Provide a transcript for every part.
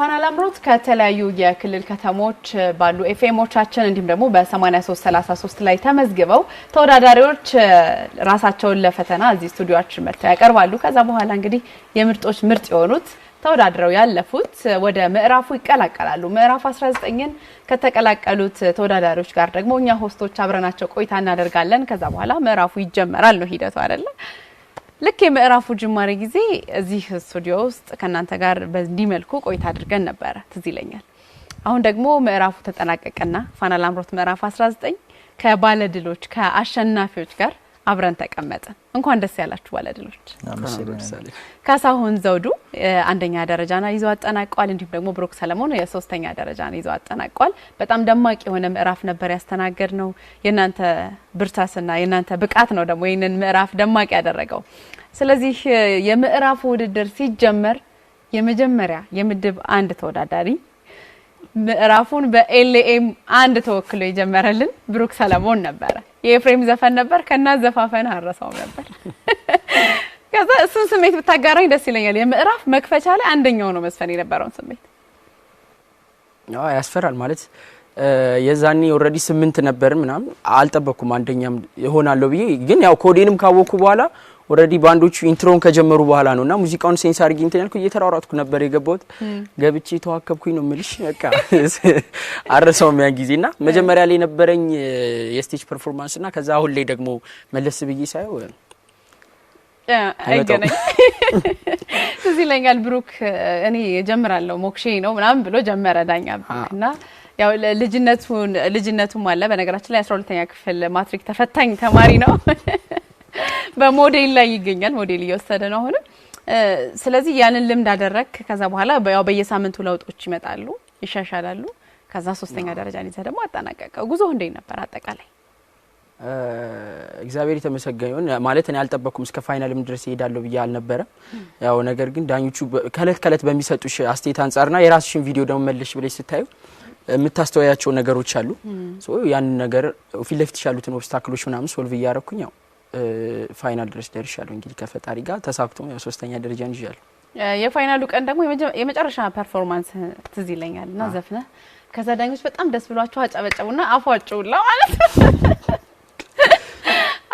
ፋና ላምሮት ከተለያዩ የክልል ከተሞች ባሉ ኤፍኤሞቻችን እንዲሁም ደግሞ በ8333 ላይ ተመዝግበው ተወዳዳሪዎች ራሳቸውን ለፈተና እዚህ ስቱዲዮችን መጥተው ያቀርባሉ። ከዛ በኋላ እንግዲህ የምርጦች ምርጥ የሆኑት ተወዳድረው ያለፉት ወደ ምዕራፉ ይቀላቀላሉ። ምዕራፍ 19ን ከተቀላቀሉት ተወዳዳሪዎች ጋር ደግሞ እኛ ሆስቶች አብረናቸው ቆይታ እናደርጋለን። ከዛ በኋላ ምዕራፉ ይጀመራል ነው ሂደቱ አይደለም። ልክ የምዕራፉ ጅማሬ ጊዜ እዚህ ስቱዲዮ ውስጥ ከእናንተ ጋር በዚህ መልኩ ቆይታ አድርገን ነበረ፣ ትዝ ይለኛል። አሁን ደግሞ ምዕራፉ ተጠናቀቀና ፋና ላምሮት ምዕራፍ 19 ከባለድሎች ከአሸናፊዎች ጋር አብረን ተቀመጥን። እንኳን ደስ ያላችሁ ባለድሎች። ካሳሁን ዘውዱ አንደኛ ደረጃን ይዞ አጠናቋል። እንዲሁም ደግሞ ብሩክ ሰለሞን የሶስተኛ ደረጃን ይዞ አጠናቋል። በጣም ደማቅ የሆነ ምዕራፍ ነበር ያስተናገድ ነው። የእናንተ ብርታትና የእናንተ ብቃት ነው ደግሞ ይህንን ምዕራፍ ደማቅ ያደረገው። ስለዚህ የምዕራፉ ውድድር ሲጀመር የመጀመሪያ የምድብ አንድ ተወዳዳሪ ምዕራፉን በኤልኤም አንድ ተወክሎ የጀመረልን ብሩክ ሰለሞን ነበረ። የኤፍሬም ዘፈን ነበር ከና ዘፋፈን አረሰው ነበር። ከዛ እሱን ስሜት ብታጋራኝ ደስ ይለኛል። የምዕራፍ መክፈቻ ላይ አንደኛው ነው መስፈን የነበረውን ስሜት ያስፈራል ማለት የዛኔ ኦልሬዲ ስምንት ነበር ምናምን አልጠበኩም። አንደኛም ይሆናለሁ ብዬ ግን ያው ኮዴንም ካወቅኩ በኋላ ኦልሬዲ ባንዶቹ ኢንትሮን ከጀመሩ በኋላ ነው እና ሙዚቃውን ሴንስ አድርጊ እንትን ያልኩ እየተሯሯጥኩ ነበር የገባሁት። ገብቼ ተዋከብኩኝ ነው የምልሽ። በቃ አረሰውም ያን ጊዜ እና መጀመሪያ ላይ ነበረኝ የስቴጅ ፐርፎርማንስ እና ከዛ አሁን ላይ ደግሞ መለስ ብዬ ሳየው አይገናኝ እዚህ ይለኛል። ብሩክ እኔ ጀምራለሁ ሞክሼ ነው ምናምን ብሎ ጀመረ ዳኛ ብሩክ እና ያው ልጅነቱን ልጅነቱም አለ። በነገራችን ላይ አስራ ሁለተኛ ክፍል ማትሪክ ተፈታኝ ተማሪ ነው። በሞዴል ላይ ይገኛል። ሞዴል እየወሰደ ነው አሁንም። ስለዚህ ያንን ልምድ አደረክ። ከዛ በኋላ ያው በየሳምንቱ ለውጦች ይመጣሉ፣ ይሻሻላሉ። ከዛ ሶስተኛ ደረጃ ይዘህ ደግሞ አጠናቀቀ። ጉዞ እንዴት ነበር አጠቃላይ? እግዚአብሔር የተመሰገነውን ማለት እኔ አልጠበቅኩም እስከ ፋይናልም ድረስ ይሄዳለሁ ብዬ አልነበረም። ያው ነገር ግን ዳኞቹ ከእለት ከእለት በሚሰጡሽ አስተያየት አንጻርና የራስሽን ቪዲዮ ደግሞ መለሽ ብለሽ ስታዩ የምታስተወያቸው ነገሮች አሉ። ያንን ነገር ፊት ለፊት ያሉትን ኦብስታክሎች ምናምን ሶልቭ እያረኩኝ ያው ፋይናል ድረስ ደርሻለሁ። እንግዲህ ከፈጣሪ ጋር ተሳክቶ ያው ሶስተኛ ደረጃን ይዣለሁ። የፋይናሉ ቀን ደግሞ የመጨረሻ ፐርፎርማንስ ትዝ ይለኛል እና ዘፍነ ከዛ ዳኞች በጣም ደስ ብሏቸው ና አፏጭውላ ማለት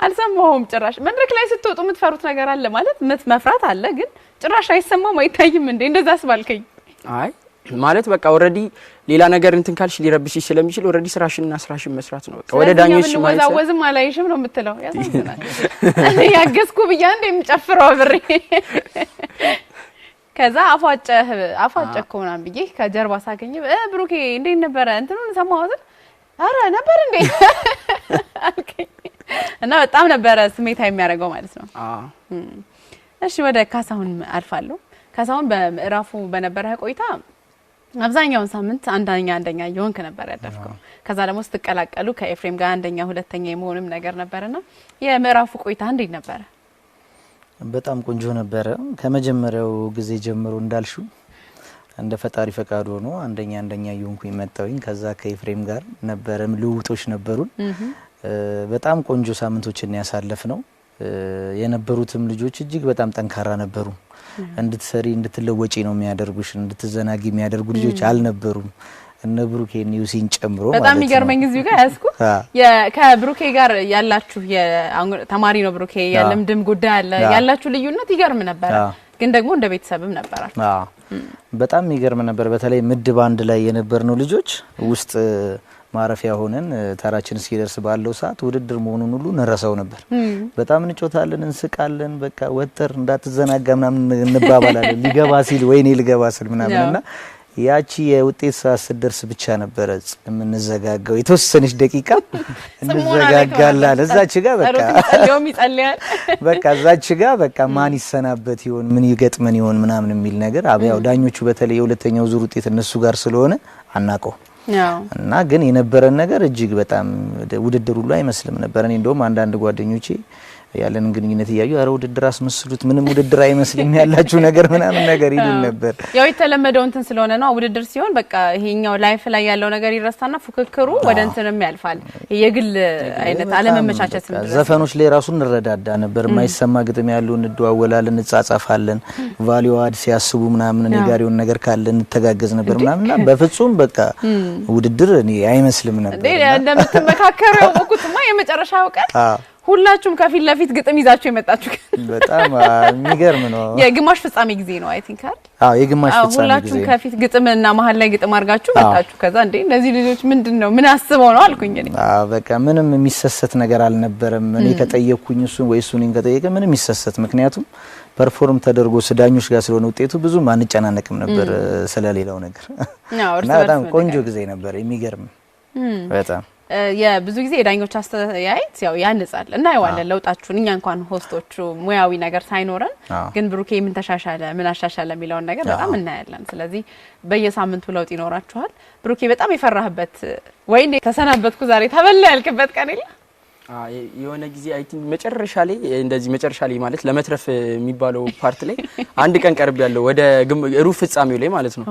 አልሰማሁም ጭራሽ። መድረክ ላይ ስትወጡ የምትፈሩት ነገር አለ ማለት መፍራት አለ፣ ግን ጭራሽ አይሰማም አይታይም። እንዴ እንደዛ ስባልከኝ አይ ማለት በቃ ኦልሬዲ ሌላ ነገር እንትን ካልሽ ሊረብሽ ስለሚችል ኦልሬዲ ስራሽንና ስራሽን መስራት ነው። በቃ ወደ ዳኞች ማለት ነው። ወዝም አላይሽም ነው የምትለው። ያሳዝናል። ያገዝኩ ብያ እንደ የምጨፍረው ብሬ ከዛ አፏጨህ አፏጨህ ምናምን ብዬ ከጀርባ ሳገኝ ብሩኬ እንዴት ነበረ እንትኑን ሰማሁት። አረ ነበር እንዴ እና በጣም ነበረ ስሜታ የሚያደርገው ማለት ነው። እሺ ወደ ካሳሁን አልፋለሁ። ካሳሁን በምዕራፉ በነበረ ቆይታ አብዛኛውን ሳምንት አንደኛ አንደኛ እየሆንክ ነበር ያለፍከው። ከዛ ደግሞ ስትቀላቀሉ ከኤፍሬም ጋር አንደኛ ሁለተኛ የመሆንም ነገር ነበርና የምዕራፉ ቆይታ እንዴት ነበረ? በጣም ቆንጆ ነበረ። ከመጀመሪያው ጊዜ ጀምሮ እንዳልሹ እንደ ፈጣሪ ፈቃድ ሆኖ አንደኛ አንደኛ እየሆንኩኝ መጣሁኝ። ከዛ ከኤፍሬም ጋር ነበረም ልውውጦች ነበሩን። በጣም ቆንጆ ሳምንቶችን ያሳለፍ ነው። የነበሩትም ልጆች እጅግ በጣም ጠንካራ ነበሩ። እንድትሰሪ እንድትለወጪ ነው የሚያደርጉሽ፣ እንድትዘናጊ የሚያደርጉ ልጆች አልነበሩም። እነ ብሩኬ ኒውሲን ጨምሮ በጣም የሚገርመኝ እዚሁ ጋር ያዝኩ ከብሩኬ ጋር ያላችሁ ተማሪ ነው ብሩኬ የልምድም ጉዳይ አለ ያላችሁ ልዩነት ይገርም ነበረ፣ ግን ደግሞ እንደ ቤተሰብም ነበራችሁ። በጣም የሚገርም ነበር። በተለይ ምድብ አንድ ላይ የነበርነው ልጆች ውስጥ ማረፊያ ሆነን ተራችን እስኪደርስ ባለው ሰዓት ውድድር መሆኑን ሁሉ እንረሳው ነበር። በጣም እንጮታለን፣ እንስቃለን። በቃ ወጥር እንዳትዘናጋ ምናምን እንባባላለን። ሊገባ ሲል ወይኔ ሊገባ ሲል ምናምን እና ያቺ የውጤት ሰዓት ስትደርስ ብቻ ነበረ የምንዘጋጋው። የተወሰነች ደቂቃ እንዘጋጋላን እዛች ጋ በቃ በቃ እዛች ጋ በቃ ማን ይሰናበት ይሆን ምን ይገጥመን ይሆን ምናምን የሚል ነገር አብያው ዳኞቹ በተለይ የሁለተኛው ዙር ውጤት እነሱ ጋር ስለሆነ አናቀው እና ግን የነበረን ነገር እጅግ በጣም ውድድር ሁሉ አይመስልም ነበር። እኔ እንደውም አንዳንድ ጓደኞቼ ያለንን ግንኙነት እያዩ አረ ውድድር አስመስሉት ምንም ውድድር አይመስልም ያላችሁ ነገር ምናምን ነገር ይሉን ነበር። ያው የተለመደው እንትን ስለሆነ ነው ውድድር ሲሆን በቃ ይሄኛው ላይፍ ላይ ያለው ነገር ይረሳና ፉክክሩ ወደ እንትንም ያልፋል። የግል አይነት አለመመቻቸት ዘፈኖች ላይ ራሱ እንረዳዳ ነበር። የማይሰማ ግጥም ያሉ እንደዋወላለን፣ እንጻጻፋለን። ቫሊዩ አድ ሲያስቡ ምናምን እኔ ጋር የሆነ ነገር ካለ እንተጋገዝ ነበር ምናምንና በፍጹም በቃ ውድድር እኔ አይመስልም ነበር እንደምትመካከረው ያወቁትማ የመጨረሻው ቀን ሁላችሁም ከፊት ለፊት ግጥም ይዛችሁ የመጣችሁ በጣም የሚገርም ነው። የግማሽ ፍጻሜ ጊዜ ነው አይ ቲንክ አይደል? አዎ የግማሽ ፍጻሜ ጊዜ ሁላችሁም ከፊት ግጥም እና መሀል ላይ ግጥም አድርጋችሁ መጣችሁ። ከዛ እንዴ እነዚህ ልጆች ምንድን ነው ምን አስበው ነው አልኩኝ እኔ። አዎ በቃ ምንም የሚሰሰት ነገር አልነበረም። እኔ ከጠየቅኩኝ እሱ ወይ እሱ እኔን ከጠየቀ ምንም የሚሰሰት ምክንያቱም ፐርፎርም ተደርጎ ስዳኞች ጋር ስለሆነ ውጤቱ ብዙ አንጨናነቅም ነበር ስለሌላው ነገር እና በጣም ቆንጆ ጊዜ ነበር የሚገርም በጣም የብዙ ጊዜ የዳኞች አስተያየት ያው ያንጻል እና ለውጣችሁን እኛ እንኳን ሆስቶቹ ሙያዊ ነገር ሳይኖረን ግን ብሩኬ ምን ተሻሻለ ምን አሻሻለ የሚለውን ነገር በጣም እናያለን። ስለዚህ በየሳምንቱ ለውጥ ይኖራችኋል። ብሩኬ በጣም የፈራህበት ወይ ተሰናበትኩ ዛሬ ተበላ ያልክበት ቀን የለ የሆነ ጊዜ አይ ቲንክ መጨረሻ ላይ እንደዚህ መጨረሻ ላይ ማለት ለመትረፍ የሚባለው ፓርት ላይ አንድ ቀን ቀርብ ያለው ወደ ሩብ ፍጻሜው ላይ ማለት ነው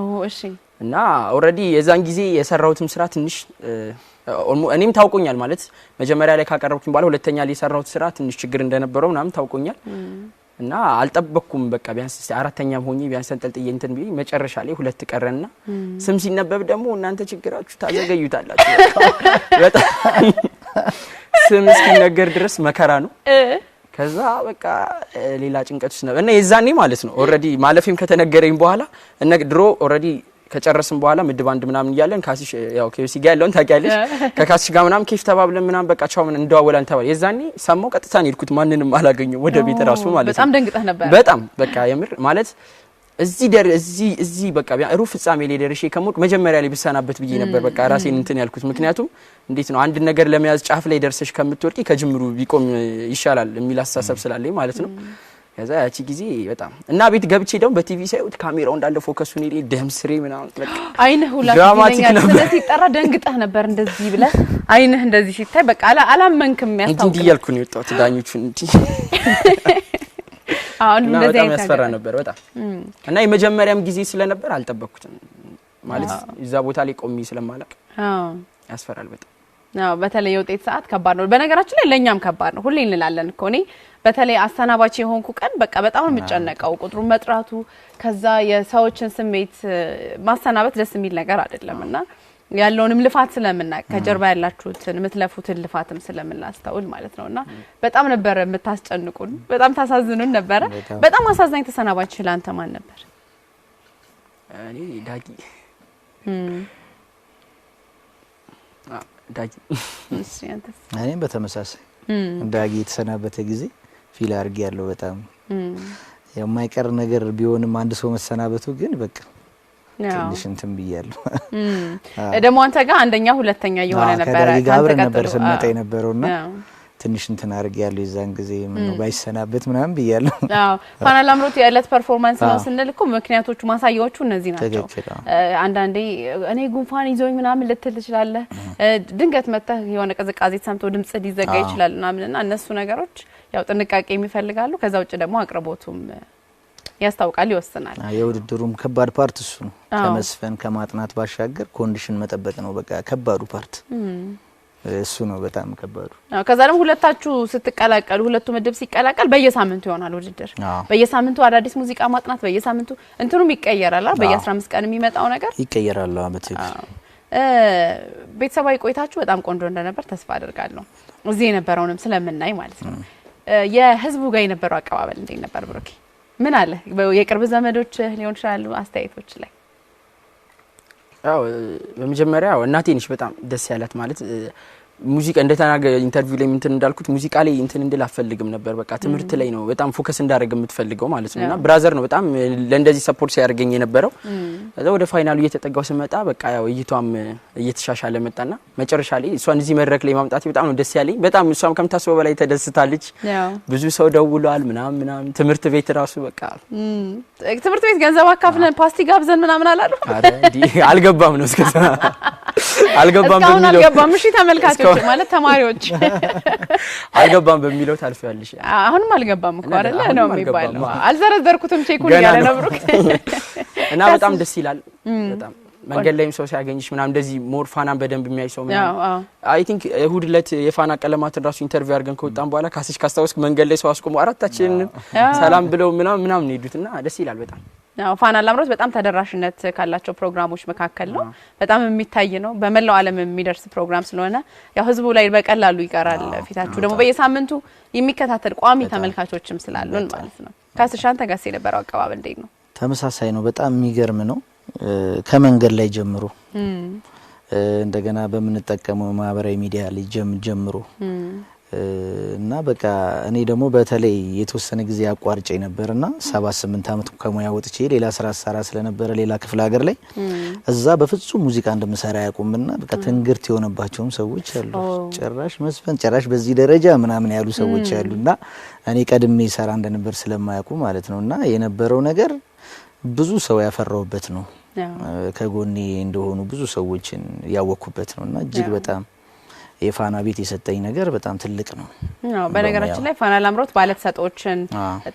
እና ኦልሬዲ የዛን ጊዜ የሰራሁትም ስራ ትንሽ እኔም ታውቆኛል ማለት መጀመሪያ ላይ ካቀረብኩኝ በኋላ ሁለተኛ ላይ የሰራሁት ስራ ትንሽ ችግር እንደነበረው ምናምን ታውቆኛል እና አልጠበቅኩም። በቃ ቢያንስ አራተኛ ሆኜ ቢያንስ ተንጠልጥዬ እንትን ብዬ መጨረሻ ላይ ሁለት ቀረና ስም ሲነበብ ደግሞ እናንተ ችግራችሁ ታዘገዩታላችሁ። በጣም ስም እስኪነገር ድረስ መከራ ነው። ከዛ በቃ ሌላ ጭንቀት ውስጥ ነበር እና የዛኔ ማለት ነው ኦልሬዲ ማለፌም ከተነገረኝ በኋላ ድሮ ኦልሬዲ ከጨረስን በኋላ ምድብ አንድ ምናምን እያለን ካሲሽ ያው ኬሲ ጋር ያለውን ታውቂያለሽ። ከካሲሽ ጋር ምናምን ኬፍ ተባብለን ምናምን በቃ ቻው ምን እንደዋወላን ተባለ። የዛኔ ሰማው ቀጥታ ነው የሄድኩት። ማንንም አላገኘው ወደ ቤት ራሱ ማለት ነው። በጣም ደንግጠህ ነበር? በጣም በቃ የምር ማለት እዚህ ደር እዚህ እዚህ በቃ ሩብ ፍጻሜ ላይ ደርሼ ከሞቅ መጀመሪያ ላይ ብሰናበት ብዬ ነበር በቃ ራሴን እንትን ያልኩት። ምክንያቱም እንዴት ነው አንድ ነገር ለመያዝ ጫፍ ላይ ደርሰሽ ከምትወርቂ ከጅምሩ ቢቆም ይሻላል የሚል አስተሳሰብ ስላለኝ ማለት ነው። ከዛ ያቺ ጊዜ በጣም እና ቤት ገብቼ ደግሞ በቲቪ ሳይሆን ካሜራው እንዳለ ፎከሱን ደም ደምስሬ ምናምን በቃ አይንህ ሁላ ድራማቲክ ነበር። ሲጠራ ደንግጠህ ነበር እንደዚህ ብለህ አይንህ እንደዚህ ሲታይ በቃ አላ አላመንክም። የሚያስታውቅ እንዲህ እያልኩ ነው የወጣሁት ዳኞቹን እንጂ አሁን እንደዚህ በጣም ያስፈራ ነበር በጣም እና የመጀመሪያም ጊዜ ስለነበር አልጠበቅኩትም። ማለት እዛ ቦታ ላይ ቆሜ ስለማላቅ ያስፈራል በጣም። አዎ በተለይ የውጤት ሰዓት ከባድ ነው። በነገራችን ላይ ለእኛም ከባድ ነው። ሁሌ እንላለን እኮ እኔ በተለይ አሰናባች የሆንኩ ቀን በቃ በጣም የምጨነቀው ቁጥሩን መጥራቱ፣ ከዛ የሰዎችን ስሜት ማሰናበት ደስ የሚል ነገር አይደለም እና ያለውንም ልፋት ስለምናቅ ከጀርባ ያላችሁትን የምትለፉትን ልፋትም ስለምናስተውል ማለት ነው እና በጣም ነበረ የምታስጨንቁን፣ በጣም ታሳዝኑን ነበረ። በጣም አሳዛኝ ተሰናባች ለአንተ ማን ነበር? እኔ ዳጊ ዳጊ። እኔም በተመሳሳይ ዳጊ የተሰናበተ ጊዜ ፊል አድርጌ ያለው በጣም የማይቀር ነገር ቢሆንም አንድ ሰው መሰናበቱ ግን በቃ ትንሽ እንትን ብያለሁ። ደግሞ አንተ ጋር አንደኛ ሁለተኛ እየሆነ ነበረ አብረን ነበር ስንመጣ የነበረውና ትንሽ እንትን አድርግ ያለው የዛን ጊዜ ባይሰናበት ምናምን ብያለሁ። ፋና ላምሮት የእለት ፐርፎርማንስ ነው ስንል እኮ ምክንያቶቹ ማሳያዎቹ እነዚህ ናቸው። አንዳንዴ እኔ ጉንፋን ይዞኝ ምናምን ልትል ትችላለህ። ድንገት መጥተህ የሆነ ቅዝቃዜ ተሰምቶ ድምጽ ሊዘጋ ይችላል ምናምን እና እነሱ ነገሮች ያው ጥንቃቄ የሚፈልጋሉ። ከዛ ውጭ ደግሞ አቅርቦቱም ያስታውቃል፣ ይወስናል። የውድድሩም ከባድ ፓርት እሱ ነው። ከመስፈን ከማጥናት ባሻገር ኮንዲሽን መጠበቅ ነው በቃ ከባዱ ፓርት እሱ ነው በጣም ከባዱ። ከዛ ደግሞ ሁለታችሁ ስትቀላቀሉ ሁለቱ ምድብ ሲቀላቀል በየሳምንቱ ይሆናል ውድድር። በየሳምንቱ አዳዲስ ሙዚቃ ማጥናት፣ በየሳምንቱ እንትኑም ይቀየራል። በየ15 ቀን የሚመጣው ነገር ይቀየራል። አመት ቤተሰባዊ ቆይታችሁ በጣም ቆንጆ እንደነበር ተስፋ አድርጋለሁ። እዚህ የነበረውንም ስለምናይ ማለት ነው የህዝቡ ጋር የነበረው አቀባበል እንዴት ነበር? ብሩኬ ምን አለ? የቅርብ ዘመዶች ሊሆን ይችላሉ አስተያየቶች ላይ ያው በመጀመሪያ እናቴ ነች በጣም ደስ ያላት ማለት ሙዚቃ እንደተናገ ኢንተርቪው ላይ እንትን እንዳልኩት ሙዚቃ ላይ እንትን እንድል አፈልግም ነበር። በቃ ትምህርት ላይ ነው በጣም ፎከስ እንዳደረግ የምትፈልገው ማለት ነው። እና ብራዘር ነው በጣም ለእንደዚህ ሰፖርት ሲያደርገኝ የነበረው። ከዛ ወደ ፋይናሉ እየተጠጋው ስመጣ በቃ ያው እይቷም እየተሻሻለ መጣና መጨረሻ ላይ እሷን እዚህ መድረክ ላይ ማምጣት በጣም ነው ደስ ያለኝ። በጣም እሷም ከምታስበው በላይ ተደስታለች። ብዙ ሰው ደውሏል ምናምን ምናምን። ትምህርት ቤት ራሱ በቃ ትምህርት ቤት ገንዘብ አካፍለን ፓስቲ ጋብዘን ምናምን አላሉ። አልገባም ነው እስከዛ አልገባም ነው አልገባም። እሺ ተመልካቸው ማለት ተማሪዎች አልገባም በሚለው ታልፊያለሽ። አሁንም አልገባም እኮ አይደለ ነው የሚባለው። አልዘረዘርኩትም ቼኩን ያለ ነው ብሩክ እና በጣም ደስ ይላል። በጣም መንገድ ላይም ሰው ሲያገኝሽ ምናምን እንደዚህ ሞር ፋናን በደንብ የሚያይ ሰው ምናምን አይ ቲንክ እሁድ ዕለት የፋና ቀለማትን ራሱ ኢንተርቪው አድርገን ከወጣን በኋላ ካስሽ ካስታወስክ መንገድ ላይ ሰው አስቆሞ አራታችንን ሰላም ብለው ምናምን ምናምን ሄዱት እና ደስ ይላል በጣም ፋና ላምሮት በጣም ተደራሽነት ካላቸው ፕሮግራሞች መካከል ነው። በጣም የሚታይ ነው። በመላው ዓለም የሚደርስ ፕሮግራም ስለሆነ ያው ህዝቡ ላይ በቀላሉ ይቀራል። ፊታችሁ ደግሞ በየሳምንቱ የሚከታተል ቋሚ ተመልካቾችም ስላሉን ማለት ነው። ካስሻን ተጋስ የነበረው አቀባበል እንዴት ነው? ተመሳሳይ ነው። በጣም የሚገርም ነው። ከመንገድ ላይ ጀምሮ እንደገና በምንጠቀመው ማህበራዊ ሚዲያ ላይ ጀምሮ እና በቃ እኔ ደግሞ በተለይ የተወሰነ ጊዜ አቋርጬ ነበር እና ሰባት ስምንት ዓመት ከሙያ ወጥቼ ሌላ ስራ ሰራ ስለነበረ ሌላ ክፍለ ሀገር ላይ እዛ በፍጹም ሙዚቃ እንደምሰራ ያቁምና በቃ ትንግርት የሆነባቸውም ሰዎች አሉ። ጭራሽ መስፈን ጭራሽ በዚህ ደረጃ ምናምን ያሉ ሰዎች አሉ እና እኔ ቀድሜ ሰራ እንደነበር ስለማያውቁ ማለት ነው እና የነበረው ነገር ብዙ ሰው ያፈራውበት ነው። ከጎኔ እንደሆኑ ብዙ ሰዎችን ያወኩበት ነው እና እጅግ በጣም የፋና ቤት የሰጠኝ ነገር በጣም ትልቅ ነው። በነገራችን ላይ ፋና ላምሮት ባለተሰጦችን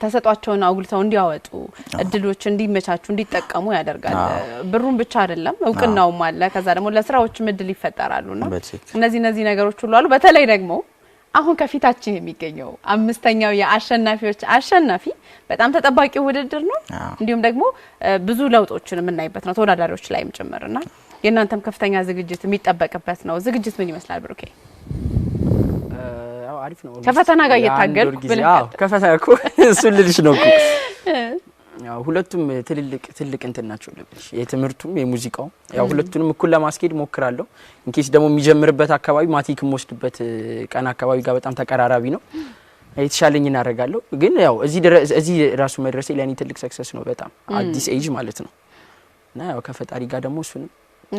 ተሰጧቸውን አጉልተው እንዲያወጡ እድሎች እንዲመቻቹ እንዲጠቀሙ ያደርጋል። ብሩን ብቻ አይደለም እውቅናውም አለ። ከዛ ደግሞ ለስራዎችም እድል ይፈጠራሉ እና እነዚህ እነዚህ ነገሮች ሁሉ አሉ። በተለይ ደግሞ አሁን ከፊታችን የሚገኘው አምስተኛው የአሸናፊዎች አሸናፊ በጣም ተጠባቂ ውድድር ነው። እንዲሁም ደግሞ ብዙ ለውጦችን የምናይበት ነው ተወዳዳሪዎች ላይም ጭምርና የእናንተም ከፍተኛ ዝግጅት የሚጠበቅበት ነው። ዝግጅት ምን ይመስላል ብሩኬ? አሪፍ ነው። ከፈተና ጋር እየታገልኩ ከፈተና እኮ እሱን ልልሽ ነው እኮ ሁለቱም ትልልቅ ትልቅ እንትን ናቸው ልብሽ የትምህርቱም የሙዚቃው ያው ሁለቱንም እኩል ለማስኬድ ሞክራለሁ። እንኬስ ደግሞ የሚጀምርበት አካባቢ ማቲክ የምወስድበት ቀን አካባቢ ጋር በጣም ተቀራራቢ ነው። የተሻለኝ እናደርጋለሁ። ግን ያው እዚህ ራሱ መድረሴ ለእኔ ትልቅ ሰክሰስ ነው። በጣም አዲስ ኤጅ ማለት ነው እና ያው ከፈጣሪ ጋር ደግሞ እሱንም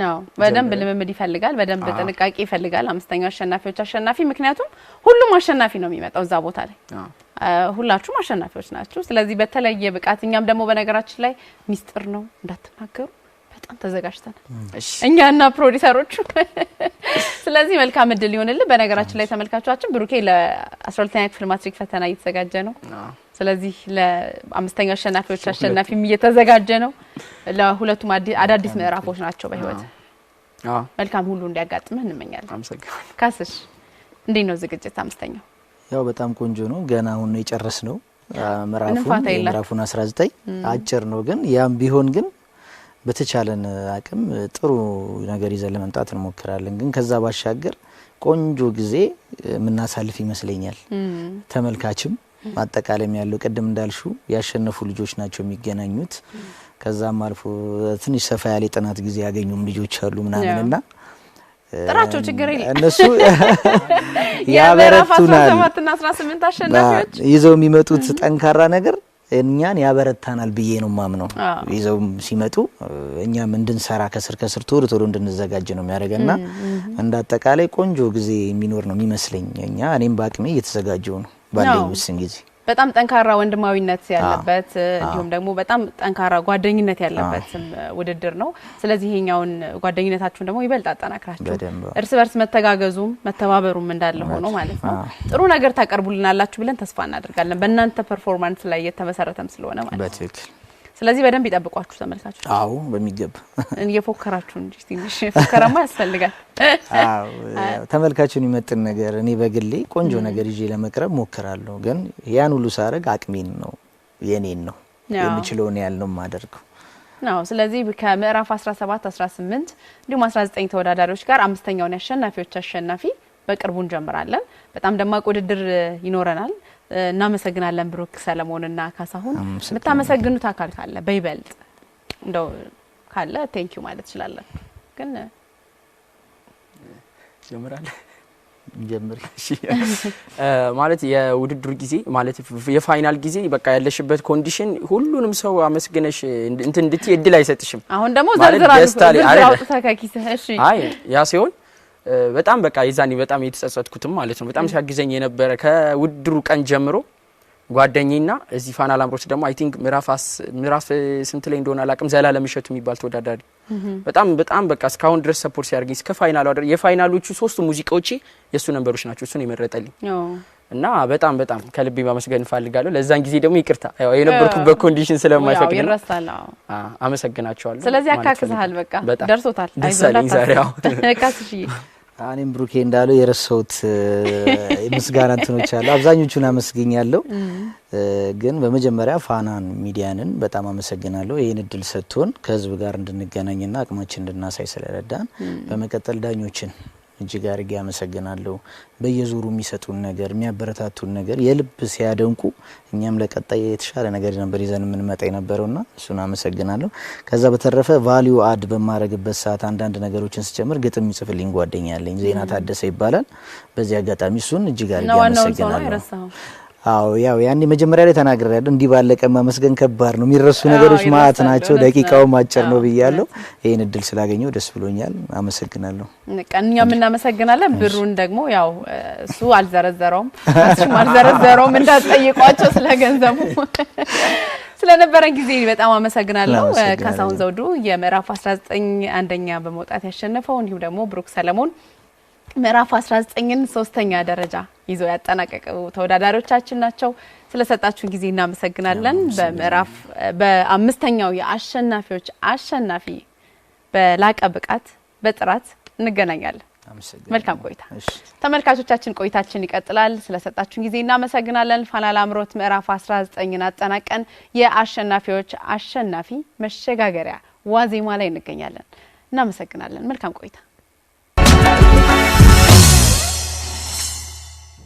ነው። በደንብ ልምምድ ይፈልጋል። በደንብ ጥንቃቄ ይፈልጋል። አምስተኛው አሸናፊዎች አሸናፊ ምክንያቱም ሁሉም አሸናፊ ነው የሚመጣው እዛ ቦታ ላይ ሁላችሁም አሸናፊዎች ናችሁ። ስለዚህ በተለየ ብቃት እኛም ደግሞ በነገራችን ላይ ሚስጥር ነው እንዳትናገሩ በጣም ተዘጋጅተናል እኛና ፕሮዲሰሮቹ። ስለዚህ መልካም እድል ይሆንልን። በነገራችን ላይ ተመልካቾቻችን ብሩኬ ለ 12 ክፍል ማትሪክ ፈተና እየተዘጋጀ ነው። ስለዚህ ለአምስተኛው አሸናፊዎች አሸናፊም እየተዘጋጀ ነው። ለሁለቱም አዳዲስ ምዕራፎች ናቸው በህይወት መልካም ሁሉ እንዲያጋጥምህ እንመኛለን። ካስሽ እንዴት ነው ዝግጅት? አምስተኛው ያው በጣም ቆንጆ ነው። ገና አሁን ነው የጨረስ ነው ምዕራፉን 19 አጭር ነው ግን ያም ቢሆን ግን በተቻለን አቅም ጥሩ ነገር ይዘን ለመምጣት እንሞክራለን። ግን ከዛ ባሻገር ቆንጆ ጊዜ የምናሳልፍ ይመስለኛል ተመልካችም ማጠቃለም ያለው ቅድም እንዳልሹ ያሸነፉ ልጆች ናቸው የሚገናኙት። ከዛም አልፎ ትንሽ ሰፋ ያለ ጥናት ጊዜ ያገኙም ልጆች አሉ ምናምን እና ጥራቸው ችግር የለ እነሱ ያበረቱናል። ይዘው የሚመጡት ጠንካራ ነገር እኛን ያበረታናል ብዬ ነው ማምነው። ይዘው ሲመጡ እኛም እንድንሰራ ከስር ከስር ቶሎ ቶሎ እንድንዘጋጅ ነው የሚያደርገና እንደ አጠቃላይ ቆንጆ ጊዜ የሚኖር ነው የሚመስለኝ። እኛ እኔም በአቅሜ እየተዘጋጀው ነው ባንዴ ውስን ጊዜ በጣም ጠንካራ ወንድማዊነት ያለበት እንዲሁም ደግሞ በጣም ጠንካራ ጓደኝነት ያለበት ውድድር ነው። ስለዚህ ይሄኛውን ጓደኝነታችሁን ደግሞ ይበልጥ አጠናክራችሁ እርስ በርስ መተጋገዙም መተባበሩም እንዳለ ሆኖ ማለት ነው ጥሩ ነገር ታቀርቡልናላችሁ ብለን ተስፋ እናደርጋለን። በእናንተ ፐርፎርማንስ ላይ የተመሰረተም ስለሆነ ማለት ነው። ስለዚህ በደንብ ይጠብቋችሁ ተመልካቾች። አዎ በሚገባ እየፎከራችሁ እንጂ ትንሽ ፎከራማ ያስፈልጋል። አዎ ተመልካቹን ይመጥን ነገር እኔ በግሌ ቆንጆ ነገር ይዤ ለመቅረብ ሞክራለሁ። ግን ያን ሁሉ ሳረግ አቅሜን ነው የኔን ነው የምችለውን ያል ነው የማደርገው ነው። ስለዚህ ከምዕራፍ 17፣ 18 እንዲሁም 19 ተወዳዳሪዎች ጋር አምስተኛውን ያሸናፊዎች አሸናፊ በቅርቡ እንጀምራለን። በጣም ደማቅ ውድድር ይኖረናል። እናመሰግናለን ብሩክ፣ ሰለሞንና ካሳሁን። የምታመሰግኑት አካል ካለ በይበልጥ እንደው ካለ ቴንክ ማለት ትችላለን። ግን ጀምራለ ጀምር ማለት የውድድር ጊዜ ማለት የፋይናል ጊዜ በቃ ያለሽበት ኮንዲሽን ሁሉንም ሰው አመስግነሽ እንትን እንድትይ እድል አይሰጥሽም። አሁን ደግሞ ዘርዝራ አውጥታ አይ ያ ሲሆን በጣም በቃ የዛኔ በጣም የተጸጸትኩትም ማለት ነው። በጣም ሲያግዘኝ የነበረ ከውድድሩ ቀን ጀምሮ ጓደኝና እዚህ ፋና ላምሮት ደግሞ አይ ቲንክ ምዕራፍ ስንት ላይ እንደሆነ አላቅም ዘላለም እሸቱ የሚባል ተወዳዳሪ በጣም በጣም በቃ እስካሁን ድረስ ሰፖርት ሲያደርገኝ እስከ ፋይናሉ አደ የፋይናሎቹ ሶስቱ ሙዚቃዎች የእሱ ነንበሮች ናቸው። እሱን የመረጠልኝ እና በጣም በጣም ከልቤ ማመስገን እፈልጋለሁ። ለዛን ጊዜ ደግሞ ይቅርታ የነበርኩበት ኮንዲሽን ስለማይፈቅድ አመሰግናቸዋለሁ። ስለዚህ አካክሰሃል፣ በቃ ደርሶታል። ደሳለኝ ዛሬ እኔም ብሩኬ እንዳለው የረሰውት ምስጋና እንትኖች አሉ። አብዛኞቹን አመስግኛለሁ፣ ግን በመጀመሪያ ፋናን ሚዲያንን በጣም አመሰግናለሁ። ይህን እድል ሰጥቶን ከህዝብ ጋር እንድንገናኝና አቅማችን እንድናሳይ ስለረዳን፣ በመቀጠል ዳኞችን እጅግ አድርጌ ያመሰግናለሁ። በየዙሩ የሚሰጡን ነገር የሚያበረታቱን ነገር የልብ ሲያደንቁ እኛም ለቀጣይ የተሻለ ነገር ነበር ይዘን የምንመጣ የነበረውና እሱን አመሰግናለሁ። ከዛ በተረፈ ቫሊዩ አድ በማረግበት ሰዓት አንዳንድ ነገሮችን ስጨምር ግጥም ይጽፍልኝ ጓደኛ ያለኝ ዜና ታደሰ ይባላል። በዚህ አጋጣሚ እሱን እጅግ አድርጌ ያመሰግናለሁ። አዎ ያው ያኔ መጀመሪያ ላይ ተናግሬያለሁ። እንዲህ ባለቀ ማመስገን ከባድ ነው። የሚረሱ ነገሮች ማአት ናቸው። ደቂቃውም አጭር ነው ብያለሁ። ይህን እድል ስላገኘው ደስ ብሎኛል። አመሰግናለሁ። እኛም እናመሰግናለን። ብሩን ደግሞ ያው እሱ አልዘረዘረውም፣ እሱም አልዘረዘረውም። እንዳትጠይቋቸው ስለገንዘቡ ስለነበረን ጊዜ በጣም አመሰግናለሁ። ካሳሁን ዘውዱ የምዕራፍ 19 አንደኛ በመውጣት ያሸነፈው እንዲሁም ደግሞ ብሩክ ሰለሞን ምዕራፍ 19ን ሶስተኛ ደረጃ ይዞ ያጠናቀቁ ተወዳዳሪዎቻችን ናቸው። ስለሰጣችሁን ጊዜ እናመሰግናለን። በምዕራፍ በአምስተኛው የአሸናፊዎች አሸናፊ በላቀ ብቃት በጥራት እንገናኛለን። መልካም ቆይታ ተመልካቾቻችን። ቆይታችን ይቀጥላል። ስለሰጣችሁን ጊዜ እናመሰግናለን። ፋና ላምሮት ምዕራፍ 19ን አጠናቀን የአሸናፊዎች አሸናፊ መሸጋገሪያ ዋዜማ ላይ እንገኛለን። እናመሰግናለን። መልካም ቆይታ